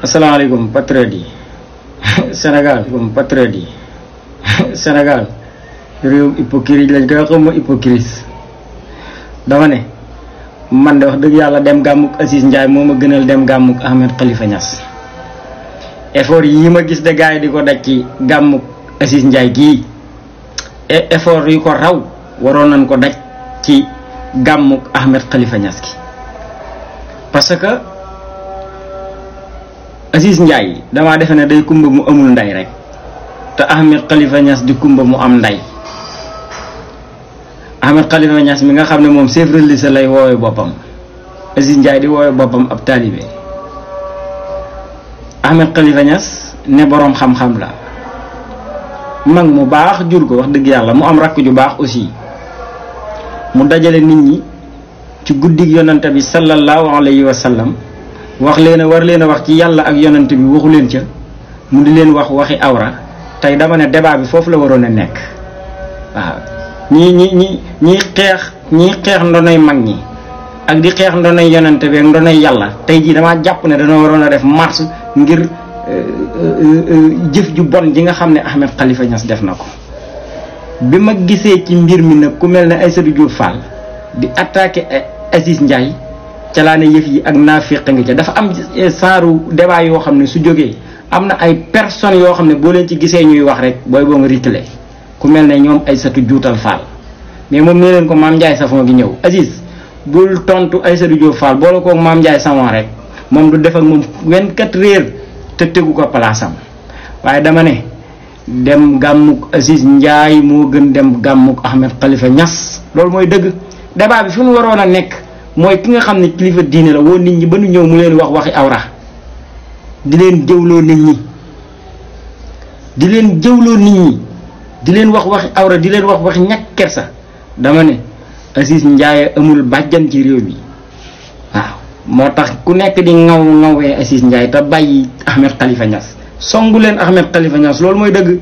Assalamualaikum, patriote yi Sénégal patriote yi Sénégal réewum hypocrite lañ koy xam ma hypocrite dama ne man de wax dem gamuk Aziz Ndiaye moo ma gënal dem gamuk Ahmed Khalifa Efori effort yi ma gis de gars yi di ko daj ci gàmmuk Aziz effort yu ko raw waroon nañ ko daj Ahmed Khalifa Niass parce que Aziz Ndiaye dama defe ne day kumba mu amul nday rek ta Ahmed Khalifa Niass di kumba mu am nday Ahmed Khalifa Niass mi nga xam ne chef religieux lay woowe boppam Aziz di woowe boppam ab taalibe Ahmed Khalifa Niass ne boroom xam-xam la mag mu baax jur ko wax dëgg yàlla mu am rakk ju baax aussi mu dajale nit ñi ci guddig yonante bi sallallahu alayhi wa sallam wax leen a war leen a wax ci yàlla ak yonent bi waxu leen ca mu di leen wax waxi awra tey dama ne débat bi foofu la waroon a nekk waaw ñii ñi ñi ñiy xeex ñiy xeex ndonoy mag ñi ak di xeex ndonoy yonent bi ak ndonoy yàlla tey jii damaa jàpp ne dana waroon a def mars ngir euh, euh, euh, jëf ju bon ji nga xam ne Ahmed Khalifa Niass def na ko bi ma gisee ci mbir mi nag ku mel ne Aïssatou Diop Fall di attaqué Aziz Ndiaye calaane laa yëf yi ak naafiq ngi ca dafa am eh, saaru débat yoo xam ne su jógee am na ay personnes yoo xam ne boo leen ci gisee ñuy wax rek booy boo nga ritale ku mel ne ñoom satu Juutal Faal mais moom nee leen ko Maam Njaay Savon gi ñëw Aziz bul tontu Aysatu Juutal Faal boole koog Maam Njaay Savon rek moom du def ak moom 24 heures te tegu ko palaasam waaye dama ne dem gàmmuk Aziz Njaay moo gën dem gàmmuk Ahmed Khalifa Niass loolu mooy dëgg débat bi fu mu waroon a nekk mooy ki nga xam ne kilifa diine la woo nit ñi ba nu ñëw mu leen wax waxi awra di leen jëwloo nit ñi di leen jëwloo nit ñi di leen wax waxi awra di leen wax waxi ñàkk kersa dama ne Aziz Ndiaye amul bàjjan ci réew bi waaw moo tax ku nekk di ŋaw ŋawee Aziz Ndiaye te bàyyi Ahmed Khalifa Niass songu leen Ahmed Khalifa Niass loolu mooy dëgg